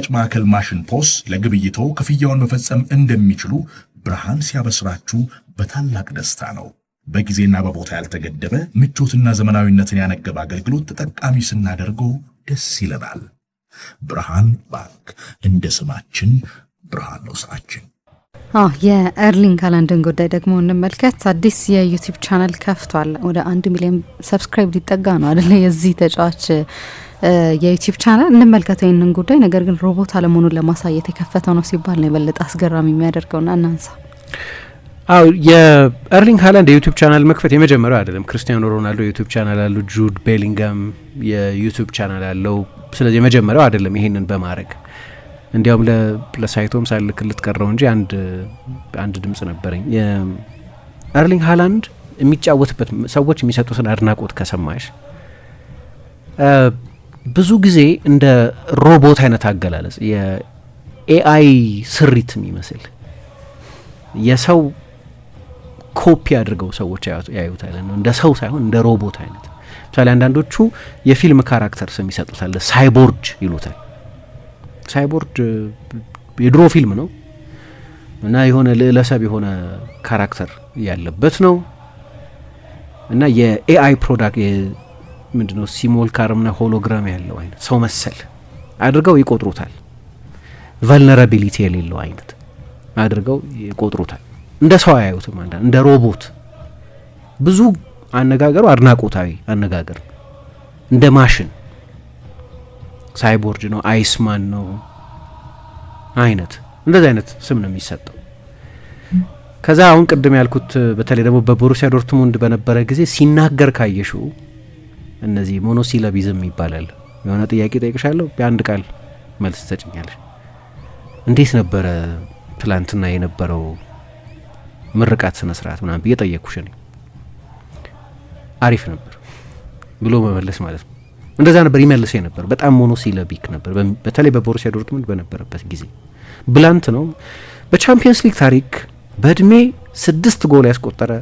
የሽያጭ ማዕከል ማሽን ፖስ ለግብይቶ ክፍያውን መፈጸም እንደሚችሉ ብርሃን ሲያበስራችሁ በታላቅ ደስታ ነው። በጊዜና በቦታ ያልተገደበ ምቾትና ዘመናዊነትን ያነገበ አገልግሎት ተጠቃሚ ስናደርገው ደስ ይለናል። ብርሃን ባንክ እንደ ስማችን ብርሃን ነው ስራችን። የኤርሊንግ ሃላንድን ጉዳይ ደግሞ እንመልከት። አዲስ የዩቲዩብ ቻናል ከፍቷል። ወደ አንድ ሚሊዮን ሰብስክራይብ ሊጠጋ ነው አደለ? የዚህ ተጫዋች የዩቲዩብ ቻናል እንመልከተው ይህንን ጉዳይ። ነገር ግን ሮቦት አለመሆኑን ለማሳየት የከፈተው ነው ሲባል ነው የበለጠ አስገራሚ ና እናንሳ። አው የኤርሊንግ ሀላንድ የዩቲዩብ ቻናል መክፈት የመጀመሪያው አይደለም። ክርስቲያኖ ሮናልዶ የዩቲዩብ ቻናል አለው፣ ጁድ ቤሊንገም የዩቲዩብ ቻናል አለው። ስለዚህ የመጀመሪያው አይደለም ይሄንን በማድረግ እንዲያውም ለሳይቶም ሳልክ ልትቀረው እንጂ አንድ አንድ ድምጽ ነበረኝ። የኤርሊንግ ሀላንድ የሚጫወትበት ሰዎች የሚሰጡትን አድናቆት ከሰማሽ ብዙ ጊዜ እንደ ሮቦት አይነት አገላለጽ የኤአይ ስሪት የሚመስል የሰው ኮፒ አድርገው ሰዎች ያዩት ነው። እንደ ሰው ሳይሆን እንደ ሮቦት አይነት ምሳሌ አንዳንዶቹ የፊልም ካራክተር ስም ይሰጡታል። ሳይቦርጅ ይሉታል። ሳይቦርጅ የድሮ ፊልም ነው እና የሆነ ልዕለሰብ የሆነ ካራክተር ያለበት ነው እና የኤአይ ፕሮዳክት ምንድነው ሲሞልካርምና ሆሎግራም ያለው አይነት ሰው መሰል አድርገው ይቆጥሩታል። ቫልነራቢሊቲ የሌለው አይነት አድርገው ይቆጥሩታል። እንደ ሰው አያዩትም። አንዳንድ እንደ ሮቦት ብዙ አነጋገሩ አድናቆታዊ አነጋገር እንደ ማሽን ሳይቦርድ ነው፣ አይስማን ነው አይነት እንደዚህ አይነት ስም ነው የሚሰጠው። ከዛ አሁን ቅድም ያልኩት በተለይ ደግሞ በቦሩሲያ ዶርትሙንድ በነበረ ጊዜ ሲናገር ካየሽው እነዚህ ሞኖሲላቢዝም ይባላል። የሆነ ጥያቄ ጠይቅሻለሁ፣ በአንድ ቃል መልስ ትሰጭኛለሽ። እንዴት ነበረ ትላንትና የነበረው ምርቃት ስነ ስርዓት ምናምን ብዬ ጠየቅኩሽ። እኔ አሪፍ ነበር ብሎ መመለስ ማለት ነው። እንደዛ ነበር ይመልስ ነበር። በጣም ሞኖሲለቢክ ነበር፣ በተለይ በቦሩሲያ ዶርትሙንድ በነበረበት ጊዜ። ብላንት ነው። በቻምፒየንስ ሊግ ታሪክ በእድሜ ስድስት ጎል ያስቆጠረ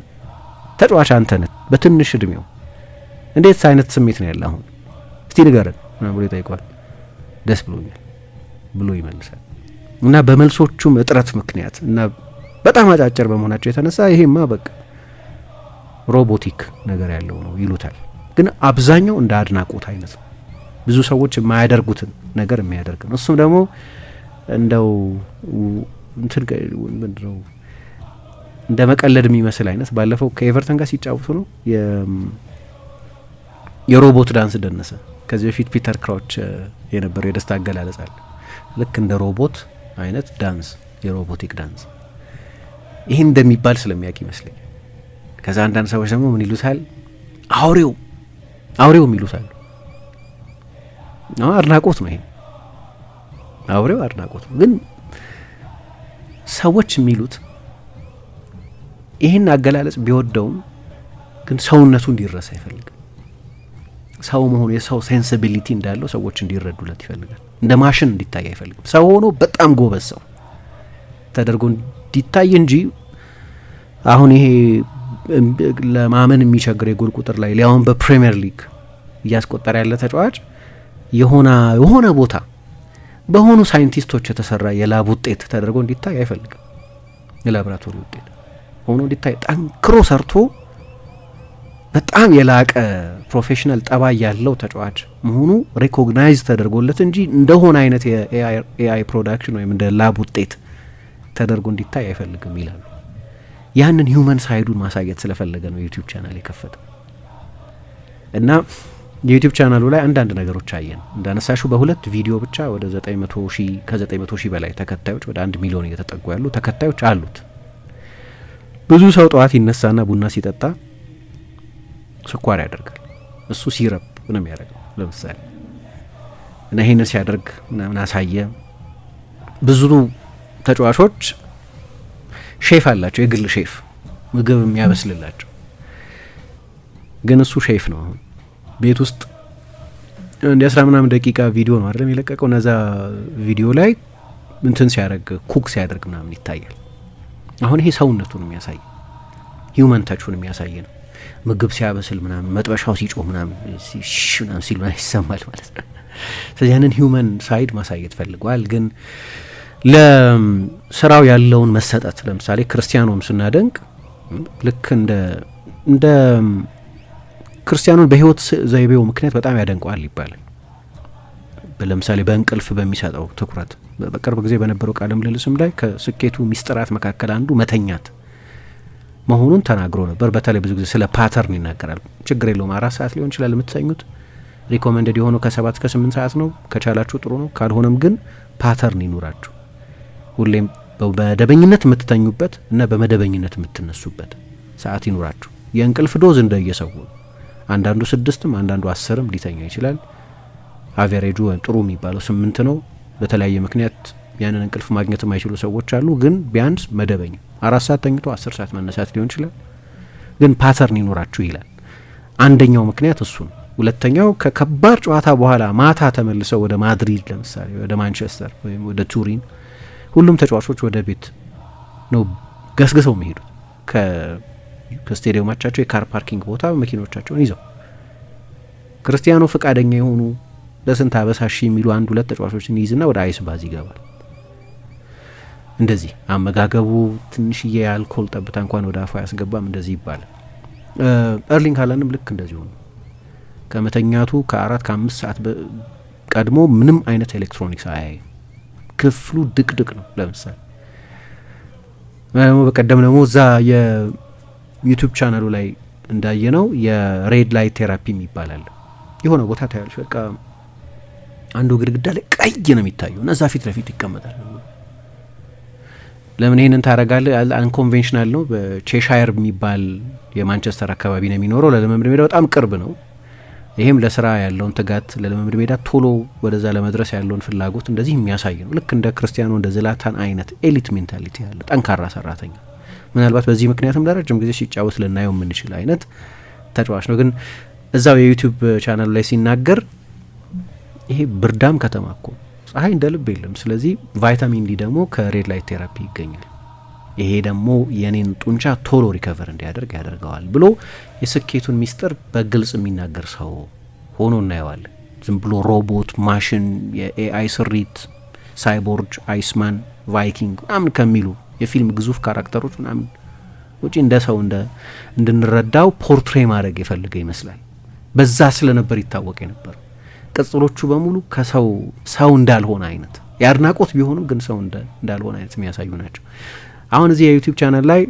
ተጫዋች አንተ በትንሽ እድሜው እንዴት አይነት ስሜት ነው ያለ አሁን እስቲ ንገረን ብሎ ይጠይቋል። ደስ ብሎኛል ብሎ ይመልሳል። እና በመልሶቹም እጥረት ምክንያት እና በጣም አጫጭር በመሆናቸው የተነሳ ይሄማ በቃ ሮቦቲክ ነገር ያለው ነው ይሉታል። ግን አብዛኛው እንደ አድናቆት አይነት ነው። ብዙ ሰዎች የማያደርጉትን ነገር የሚያደርግ ነው። እሱም ደግሞ እንደው እንደ መቀለድ የሚመስል አይነት ባለፈው ከኤቨርተን ጋር ሲጫወቱ ነው የሮቦት ዳንስ ደነሰ። ከዚህ በፊት ፒተር ክራውች የነበረው የደስታ አገላለጽ አለ። ልክ እንደ ሮቦት አይነት ዳንስ፣ የሮቦቲክ ዳንስ ይህ እንደሚባል ስለሚያውቅ ይመስለኝ። ከዛ አንዳንድ ሰዎች ደግሞ ምን ይሉታል? አውሬው አውሬውም ይሉታል። አድናቆት ነው ይሄ አውሬው አድናቆት ነው። ግን ሰዎች የሚሉት ይህን አገላለጽ ቢወደውም ግን ሰውነቱ እንዲረሳ አይፈልግም። ሰው መሆኑ የሰው ሴንስቢሊቲ እንዳለው ሰዎች እንዲረዱለት ይፈልጋል። እንደ ማሽን እንዲታይ አይፈልግም። ሰው ሆኖ በጣም ጎበዝ ሰው ተደርጎ እንዲታይ እንጂ አሁን ይሄ ለማመን የሚቸግር የጎል ቁጥር ላይ ሊያውም በፕሪምየር ሊግ እያስቆጠረ ያለ ተጫዋች የሆነ የሆነ ቦታ በሆኑ ሳይንቲስቶች የተሰራ የላብ ውጤት ተደርጎ እንዲታይ አይፈልግም። የላብራቶሪ ውጤት ሆኖ እንዲታይ ጠንክሮ ሰርቶ በጣም የላቀ ፕሮፌሽናል ጠባይ ያለው ተጫዋች መሆኑ ሪኮግናይዝ ተደርጎለት እንጂ እንደሆነ አይነት የኤአይ ፕሮዳክሽን ወይም እንደ ላብ ውጤት ተደርጎ እንዲታይ አይፈልግም ይላሉ። ያንን ሂውመን ሳይዱን ማሳየት ስለፈለገ ነው የዩቲዩብ ቻናል የከፈተው እና የዩቲዩብ ቻናሉ ላይ አንዳንድ ነገሮች አየን። እንዳነሳሹ በሁለት ቪዲዮ ብቻ ወደ 900 ሺህ ሺህ በላይ ተከታዮች ወደ አንድ ሚሊዮን እየተጠጉ ያሉ ተከታዮች አሉት። ብዙ ሰው ጠዋት ይነሳና ቡና ሲጠጣ ስኳር ያደርጋል። እሱ ሲረብ ነው የሚያደርገው ለምሳሌ እና ይህን ሲያደርግ ምናምን አሳየ። ብዙ ተጫዋቾች ሼፍ አላቸው፣ የግል ሼፍ ምግብ የሚያበስልላቸው ግን እሱ ሼፍ ነው። አሁን ቤት ውስጥ እንዲ አስራ ምናምን ደቂቃ ቪዲዮ ነው አይደለም የለቀቀው። እነዛ ቪዲዮ ላይ እንትን ሲያደርግ ኩክ ሲያደርግ ምናምን ይታያል። አሁን ይሄ ሰውነቱን የሚያሳይ ሂውመን ታችሁን የሚያሳይ ነው። ምግብ ሲያበስል ምናምን መጥበሻው ሲጮህ ምናምን ምናምን ሲል ይሰማል ማለት ነው። ስለዚህ ያንን ሂውመን ሳይድ ማሳየት ፈልጓል። ግን ለስራው ያለውን መሰጠት ለምሳሌ ክርስቲያኖም ስናደንቅ ልክ እንደ እንደ ክርስቲያኑን በህይወት ዘይቤው ምክንያት በጣም ያደንቀዋል ይባላል። ለምሳሌ በእንቅልፍ በሚሰጠው ትኩረት በቅርብ ጊዜ በነበረው ቃለ ምልልስም ላይ ከስኬቱ ሚስጥራት መካከል አንዱ መተኛት መሆኑን ተናግሮ ነበር። በተለይ ብዙ ጊዜ ስለ ፓተርን ይናገራል። ችግር የለውም አራት ሰዓት ሊሆን ይችላል የምትተኙት። ሪኮመንደድ የሆነው ከሰባት እስከ ስምንት ሰዓት ነው። ከቻላችሁ ጥሩ ነው፣ ካልሆነም ግን ፓተርን ይኑራችሁ። ሁሌም በመደበኝነት የምትተኙበት እና በመደበኝነት የምትነሱበት ሰዓት ይኑራችሁ። የእንቅልፍ ዶዝ እንደየሰው አንዳንዱ ስድስትም አንዳንዱ አስርም ሊተኛ ይችላል። አቬሬጁ ወይም ጥሩ የሚባለው ስምንት ነው። በተለያየ ምክንያት ያንን እንቅልፍ ማግኘት የማይችሉ ሰዎች አሉ። ግን ቢያንስ መደበኛ አራት ሰዓት ተኝቶ አስር ሰዓት መነሳት ሊሆን ይችላል። ግን ፓተርን ይኖራችሁ ይላል። አንደኛው ምክንያት እሱ ነው። ሁለተኛው ከከባድ ጨዋታ በኋላ ማታ ተመልሰው ወደ ማድሪድ ለምሳሌ ወደ ማንቸስተር ወይም ወደ ቱሪን ሁሉም ተጫዋቾች ወደ ቤት ነው ገስግሰው የሚሄዱት ከስቴዲየማቻቸው የካር ፓርኪንግ ቦታ መኪኖቻቸውን ይዘው። ክርስቲያኖ ፈቃደኛ የሆኑ ለስንት አበሳሺ የሚሉ አንድ ሁለት ተጫዋቾችን ይይዝና ወደ አይስ ባዝ ይገባል። እንደዚህ አመጋገቡ ትንሽዬ የአልኮል ጠብታ እንኳን ወደ አፉ ያስገባም እንደዚህ ይባላል። ኤርሊንግ ሀላንድም ልክ እንደዚሁ ነው። ከመተኛቱ ከአራት ከአምስት ሰዓት ቀድሞ ምንም አይነት ኤሌክትሮኒክስ አያይም። ክፍሉ ድቅድቅ ነው። ለምሳሌ ደግሞ በቀደም ደግሞ እዛ የዩቱብ ቻናሉ ላይ እንዳየ ነው የሬድ ላይት ቴራፒ ይባላል። የሆነ ቦታ ታያለች፣ በቃ አንዱ ግድግዳ ላይ ቀይ ነው የሚታየው እና እዛ ፊት ለፊት ይቀመጣል ለምን ይህንን ታደርጋለህ? አንኮንቬንሽናል ነው። በቼሻየር የሚባል የማንቸስተር አካባቢ ነው የሚኖረው። ለልምምድ ሜዳ በጣም ቅርብ ነው። ይህም ለስራ ያለውን ትጋት፣ ለልምምድ ሜዳ ቶሎ ወደዛ ለመድረስ ያለውን ፍላጎት እንደዚህ የሚያሳይ ነው። ልክ እንደ ክርስቲያኖ እንደ ዝላታን አይነት ኤሊት ሜንታሊቲ ያለ ጠንካራ ሰራተኛ፣ ምናልባት በዚህ ምክንያትም ለረጅም ጊዜ ሲጫወት ልናየው የምንችል አይነት ተጫዋች ነው። ግን እዛው የዩቲዩብ ቻናሉ ላይ ሲናገር ይሄ ብርዳም ከተማ እኮ ፀሐይ እንደ ልብ የለም። ስለዚህ ቫይታሚን ዲ ደግሞ ከሬድ ላይት ቴራፒ ይገኛል። ይሄ ደግሞ የኔን ጡንቻ ቶሎ ሪከቨር እንዲያደርግ ያደርገዋል ብሎ የስኬቱን ሚስጥር በግልጽ የሚናገር ሰው ሆኖ እናየዋለን። ዝም ብሎ ሮቦት፣ ማሽን፣ የኤአይ ስሪት፣ ሳይቦርጅ፣ አይስማን፣ ቫይኪንግ ምናምን ከሚሉ የፊልም ግዙፍ ካራክተሮች ምናምን ውጪ እንደ ሰው እንድንረዳው ፖርትሬ ማድረግ የፈለገ ይመስላል። በዛ ስለነበር ይታወቅ የነበረው ቅጽሎቹ በሙሉ ከሰው ሰው እንዳልሆነ አይነት የአድናቆት ቢሆንም ግን ሰው እንዳልሆነ አይነት የሚያሳዩ ናቸው። አሁን እዚህ የዩቲዩብ ቻናል ላይ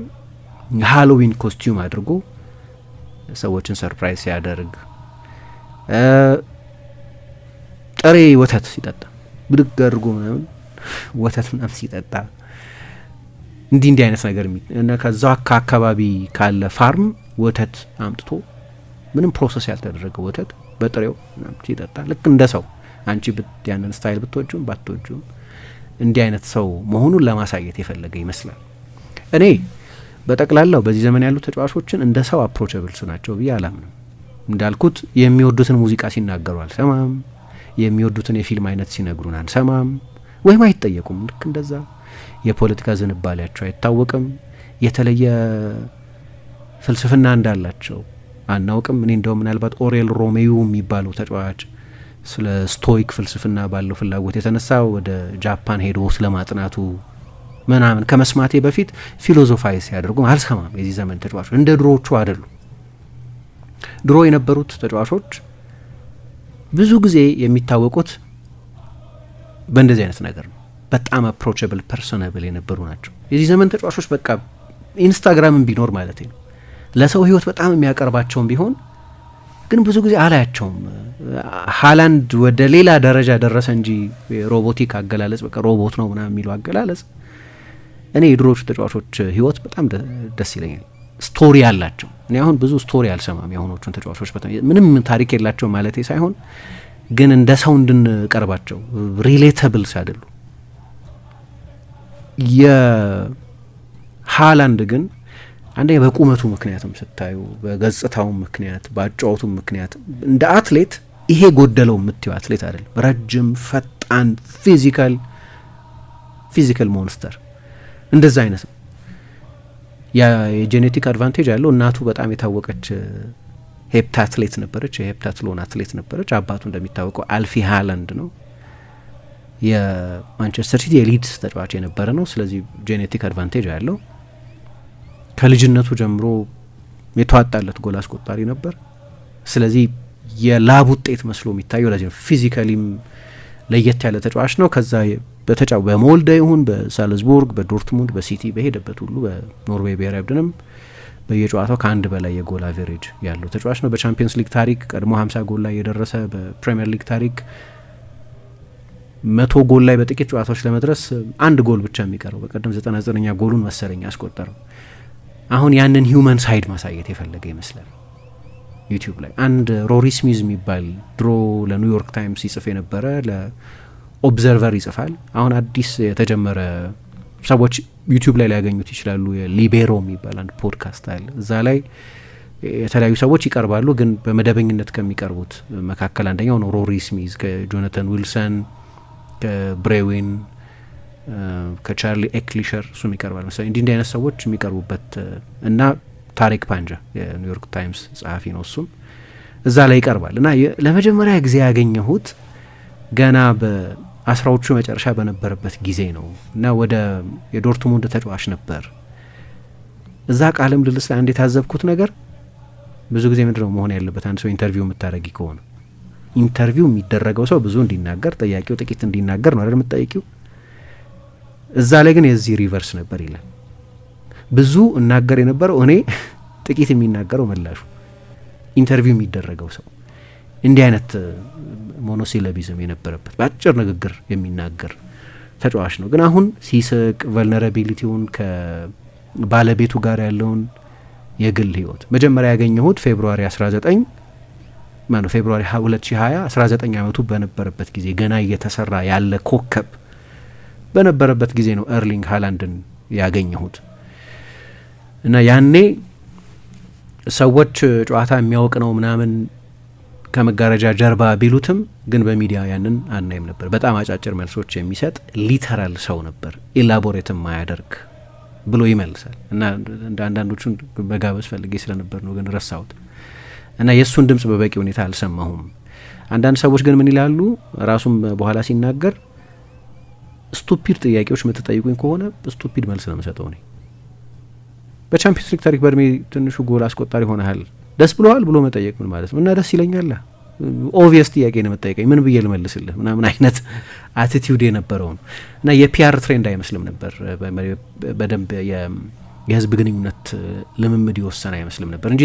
ሃሎዊን ኮስቲዩም አድርጎ ሰዎችን ሰርፕራይዝ ሲያደርግ፣ ጥሬ ወተት ሲጠጣ ብድግ አድርጎ ምናምን ወተት ምናምን ሲጠጣ እንዲህ እንዲህ አይነት ነገር እና ከዛው አካባቢ ካለ ፋርም ወተት አምጥቶ ምንም ፕሮሰስ ያልተደረገ ወተት በጥሬው ሲጠጣ ልክ እንደ ሰው አንቺ ያንን ስታይል ብትወጁም ባትወጁም እንዲህ አይነት ሰው መሆኑን ለማሳየት የፈለገ ይመስላል። እኔ በጠቅላላው በዚህ ዘመን ያሉ ተጫዋቾችን እንደ ሰው አፕሮቸብልስ ናቸው ብዬ አላምንም። እንዳልኩት የሚወዱትን ሙዚቃ ሲናገሩ አልሰማም፣ የሚወዱትን የፊልም አይነት ሲነግሩን አንሰማም፣ ወይም አይጠየቁም። ልክ እንደዛ የፖለቲካ ዝንባሌያቸው አይታወቅም። የተለየ ፍልስፍና እንዳላቸው አናውቅም። እኔ እንደው ምናልባት ኦሬል ሮሜዮ የሚባለው ተጫዋች ስለ ስቶይክ ፍልስፍና ባለው ፍላጎት የተነሳ ወደ ጃፓን ሄዶ ስለ ማጥናቱ ምናምን ከመስማቴ በፊት ፊሎዞፋይ ሲያደርጉ አልሰማም። የዚህ ዘመን ተጫዋቾች እንደ ድሮዎቹ አይደሉ። ድሮ የነበሩት ተጫዋቾች ብዙ ጊዜ የሚታወቁት በእንደዚህ አይነት ነገር ነው። በጣም አፕሮችብል ፐርሶናብል የነበሩ ናቸው። የዚህ ዘመን ተጫዋቾች በቃ ኢንስታግራምን ቢኖር ማለት ነው ለሰው ህይወት በጣም የሚያቀርባቸውም ቢሆን ግን ብዙ ጊዜ አላያቸውም። ሀላንድ ወደ ሌላ ደረጃ ደረሰ እንጂ ሮቦቲክ አገላለጽ በቃ ሮቦት ነው ምናምን የሚለው አገላለጽ እኔ የድሮቹ ተጫዋቾች ህይወት በጣም ደስ ይለኛል። ስቶሪ አላቸው። እኔ አሁን ብዙ ስቶሪ አልሰማም። የአሁኖቹን ተጫዋቾች ምንም ታሪክ የላቸው ማለቴ ሳይሆን ግን እንደ ሰው እንድንቀርባቸው ሪሌተብልስ ሲያደሉ የሀላንድ ግን አንደኛ በቁመቱ ምክንያትም ስታዩ በገጽታው ምክንያት በአጫወቱ ምክንያት እንደ አትሌት ይሄ ጎደለው የምትየው አትሌት አይደለም። ረጅም፣ ፈጣን፣ ፊዚካል ፊዚካል ሞንስተር እንደዛ አይነት ነው። የጄኔቲክ አድቫንቴጅ ያለው እናቱ በጣም የታወቀች ሄፕታ አትሌት ነበረች፣ የሄፕታትሎን አትሌት ነበረች። አባቱ እንደሚታወቀው አልፊ ሃላንድ ነው፣ የማንቸስተር ሲቲ የሊድስ ተጫዋች የነበረ ነው። ስለዚህ ጄኔቲክ አድቫንቴጅ ያለው ከልጅነቱ ጀምሮ የተዋጣለት ጎል አስቆጣሪ ነበር። ስለዚህ የላብ ውጤት መስሎ የሚታየው ለዚህ ነው። ፊዚካሊም ለየት ያለ ተጫዋች ነው። ከዛ በተጫ በሞልደ ይሁን በሳልዝቡርግ፣ በዶርትሙንድ፣ በሲቲ በሄደበት ሁሉ በኖርዌይ ብሔራዊ ቡድንም በየጨዋታው ከአንድ በላይ የጎል አቬሬጅ ያለው ተጫዋች ነው። በቻምፒየንስ ሊግ ታሪክ ቀድሞ 50 ጎል ላይ የደረሰ በፕሪምየር ሊግ ታሪክ መቶ ጎል ላይ በጥቂት ጨዋታዎች ለመድረስ አንድ ጎል ብቻ የሚቀረው በቀደም 99ኛ ጎሉን መሰለኝ አስቆጠረው። አሁን ያንን ሂውመን ሳይድ ማሳየት የፈለገ ይመስላል ዩቲዩብ ላይ አንድ ሮሪ ስሚዝ የሚባል ድሮ ለኒውዮርክ ታይምስ ይጽፍ የነበረ ለኦብዘርቨር ይጽፋል። አሁን አዲስ የተጀመረ ሰዎች ዩቲዩብ ላይ ሊያገኙት ይችላሉ። የሊቤሮ የሚባል አንድ ፖድካስት አለ። እዛ ላይ የተለያዩ ሰዎች ይቀርባሉ። ግን በመደበኝነት ከሚቀርቡት መካከል አንደኛው ነው ሮሪ ስሚዝ ከጆናተን ዊልሰን ከብሬዊን ከቻርሊ ኤክሊሸር እሱም ይቀርባል መሰለኝ እንዲህ እንዲህ አይነት ሰዎች የሚቀርቡበት እና ታሪክ ፓንጃ የኒውዮርክ ታይምስ ጸሐፊ ነው። እሱም እዛ ላይ ይቀርባል እና ለመጀመሪያ ጊዜ ያገኘሁት ገና በአስራዎቹ መጨረሻ በነበረበት ጊዜ ነው እና ወደ የዶርትሙንድ ተጫዋች ነበር። እዛ ቃለ ምልልስ ላይ አንድ የታዘብኩት ነገር ብዙ ጊዜ ምንድነው መሆን ያለበት አንድ ሰው ኢንተርቪው የምታደረጊ ከሆነ ኢንተርቪው የሚደረገው ሰው ብዙ እንዲናገር፣ ጠያቂው ጥቂት እንዲናገር ነው አይደል የምትጠይቂው እዛ ላይ ግን የዚህ ሪቨርስ ነበር ይላል። ብዙ እናገር የነበረው እኔ ጥቂት የሚናገረው መላሹ ኢንተርቪው የሚደረገው ሰው እንዲህ አይነት ሞኖሲለቢዝም የነበረበት በአጭር ንግግር የሚናገር ተጫዋች ነው። ግን አሁን ሲስቅ ቨልነራቢሊቲውን ከባለቤቱ ጋር ያለውን የግል ህይወት መጀመሪያ ያገኘሁት ፌብሩዋሪ 19 ማነው ፌብሩዋሪ 2020 19 ዓመቱ በነበረበት ጊዜ ገና እየተሰራ ያለ ኮከብ በነበረበት ጊዜ ነው ኤርሊንግ ሀላንድን ያገኘሁት እና ያኔ ሰዎች ጨዋታ የሚያውቅ ነው ምናምን ከመጋረጃ ጀርባ ቢሉትም ግን በሚዲያ ያንን አናይም ነበር። በጣም አጫጭር መልሶች የሚሰጥ ሊተራል ሰው ነበር። ኢላቦሬትም ማያደርግ ብሎ ይመልሳል እና እንደ አንዳንዶቹን በጋበዝ ፈልጌ ስለነበር ነው ግን ረሳሁት እና የእሱን ድምጽ በበቂ ሁኔታ አልሰማሁም። አንዳንድ ሰዎች ግን ምን ይላሉ ራሱም በኋላ ሲናገር ስቱፒድ ጥያቄዎች የምትጠይቁኝ ከሆነ ስቱፒድ መልስ ነው የምሰጠው። እኔ በቻምፒዮንስ ሊግ ታሪክ በእድሜ ትንሹ ጎል አስቆጣሪ ሆነሃል ደስ ብሎሃል ብሎ መጠየቅ ምን ማለት ነው? እና ደስ ይለኛል። ኦቪየስ ጥያቄ ነው የምጠይቀኝ፣ ምን ብዬ ልመልስልህ ምናምን አይነት አቲቲዩድ የነበረው ነው እና የፒአር ትሬንድ አይመስልም ነበር በደንብ የህዝብ ግንኙነት ልምምድ የወሰነ አይመስልም ነበር እንጂ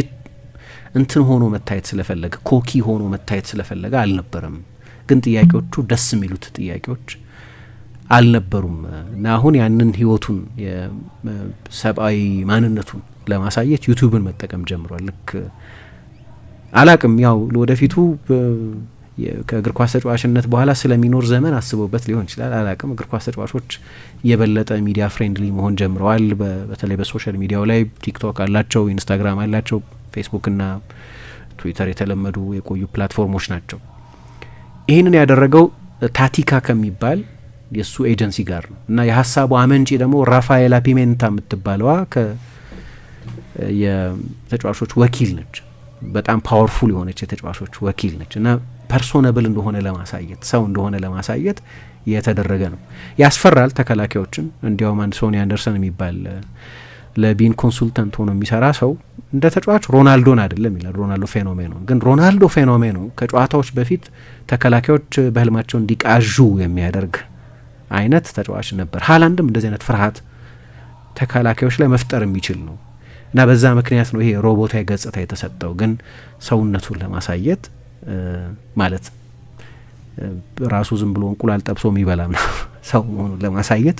እንትን ሆኖ መታየት ስለፈለገ ኮኪ ሆኖ መታየት ስለፈለገ አልነበረም። ግን ጥያቄዎቹ ደስ የሚሉት ጥያቄዎች አልነበሩም እና አሁን ያንን ህይወቱን የሰብአዊ ማንነቱን ለማሳየት ዩቱብን መጠቀም ጀምሯል። ልክ አላቅም ያው ወደፊቱ ከእግር ኳስ ተጫዋችነት በኋላ ስለሚኖር ዘመን አስበውበት ሊሆን ይችላል። አላቅም እግር ኳስ ተጫዋቾች የበለጠ ሚዲያ ፍሬንድሊ መሆን ጀምረዋል። በተለይ በሶሻል ሚዲያው ላይ ቲክቶክ አላቸው፣ ኢንስታግራም አላቸው። ፌስቡክና ትዊተር የተለመዱ የቆዩ ፕላትፎርሞች ናቸው። ይህንን ያደረገው ታቲካ ከሚባል የእሱ ኤጀንሲ ጋር ነው እና የሀሳቡ አመንጪ ደግሞ ራፋኤላ ፒሜንታ የምትባለዋ የተጫዋቾች ወኪል ነች። በጣም ፓወርፉል የሆነች የተጫዋቾች ወኪል ነች እና ፐርሶነብል እንደሆነ ለማሳየት ሰው እንደሆነ ለማሳየት የተደረገ ነው። ያስፈራል ተከላካዮችን። እንዲያውም አንድ ሶኒ አንደርሰን የሚባል ለቢን ኮንሱልታንት ሆኖ የሚሰራ ሰው እንደ ተጫዋች ሮናልዶን አይደለም ይላል። ሮናልዶ ፌኖሜኖ ግን ሮናልዶ ፌኖሜኖ ከጨዋታዎች በፊት ተከላካዮች በህልማቸው እንዲቃዡ የሚያደርግ አይነት ተጫዋች ነበር። ሀላንድም እንደዚህ አይነት ፍርሃት ተከላካዮች ላይ መፍጠር የሚችል ነው እና በዛ ምክንያት ነው ይሄ ሮቦታዊ ገጽታ የተሰጠው። ግን ሰውነቱን ለማሳየት ማለት ራሱ ዝም ብሎ እንቁላል ጠብሶ የሚበላም ነው ሰው መሆኑን ለማሳየት